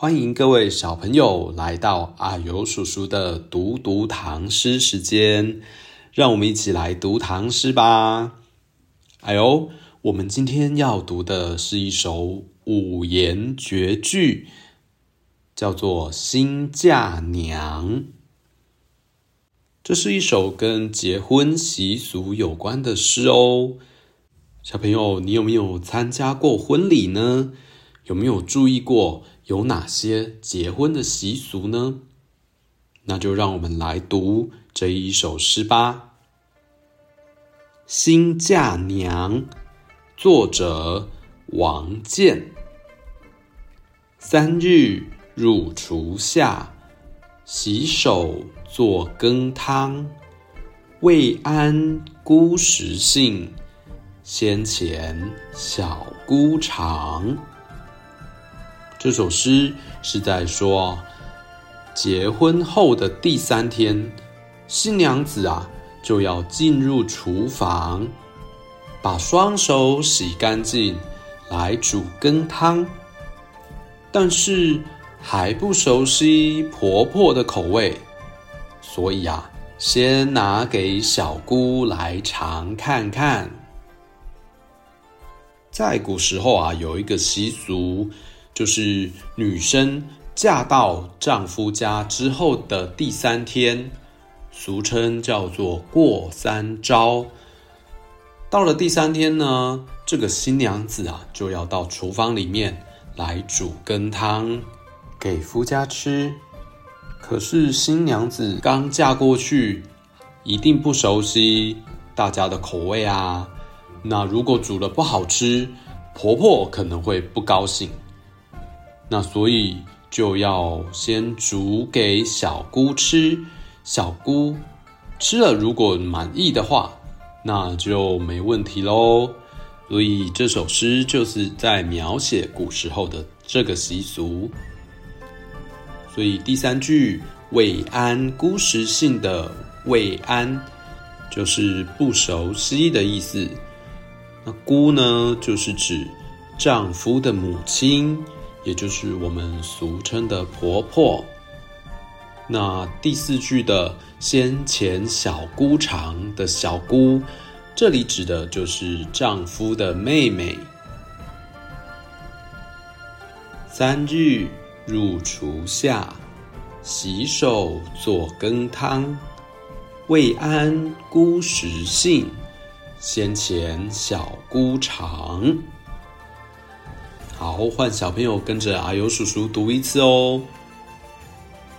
歡迎各位小朋友來到啊呦叔叔的讀讀唐詩時間，讓我們一起來讀唐詩吧。啊呦，我們今天要讀的是一首五言絕句，叫做《新嫁娘》。這是一首跟結婚習俗有關的詩哦。小朋友，你有沒有參加過婚禮呢？有沒有注意過？有哪些結婚的習俗呢？那就讓我們來讀這一首詩吧。新嫁娘，作者王建。三日入廚下，洗手作羹湯。未諳姑食性，先遣小姑嘗。這首詩是在說，結婚後的第三天，新娘子啊就要進入廚房，把雙手洗乾淨來煮羹湯。但是還不熟悉婆婆的口味，所以啊，先拿給小姑來嘗看看。在古時候啊，有一個習俗。就是女生嫁到丈夫家之後的第三天，俗稱叫做過三朝。到了第三天呢，這個新娘子啊就要到廚房裡面來煮羹湯給夫家吃。可是新娘子剛嫁過去，一定不熟悉大家的口味啊。那如果煮了不好吃，婆婆可能會不高興。那所以就要先煮給小姑吃，小姑吃了如果滿意的話，那就沒問題嘍。所以這首詩就是在描寫古時候的這個習俗。所以第三句“未諳姑食性”的“未諳”就是不熟悉的意思。那“姑”呢，就是指丈夫的母親。也就是我們俗稱的婆婆。那第四句的“先遣小姑嘗”的小姑，這裡指的就是丈夫的妹妹。三日入廚下，洗手作羹湯，未諳姑食性，先遣小姑嘗。好，換小朋友跟着啊呦叔叔讀一次哦。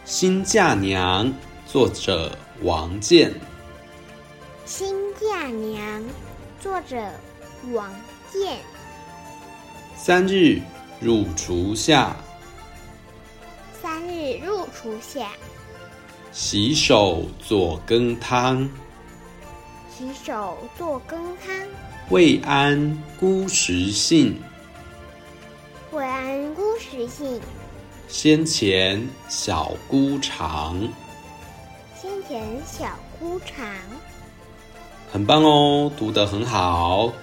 新嫁娘，作者王建。新嫁娘，作者王建。三日入廚下，三日入廚下。洗手作羹湯，洗手作羹湯。未諳姑食性。食性，先前小姑長，先遣小姑嘗。很棒哦，讀得很好。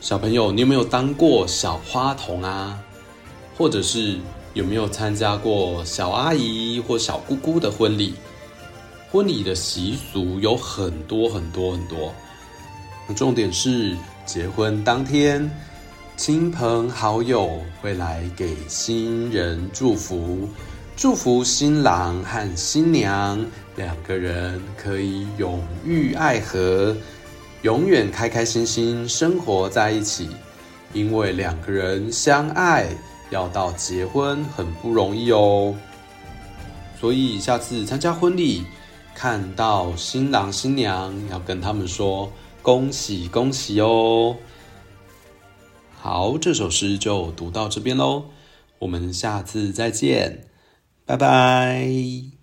小朋友，你有沒有當過小花童啊？或者是有沒有參加過小阿姨或小姑姑的婚禮？婚禮的習俗有很多很多很多。重點是結婚當天。親朋好友會來給新人祝福，祝福新郎和新娘兩個人可以永浴愛河，永遠開開心心生活在一起。因為兩個人相愛要到結婚很不容易哦，所以下次參加婚禮，看到新郎新娘要跟他們說恭喜恭喜哦。好，這首詩就讀到這邊嘍，我們下次再見，拜拜。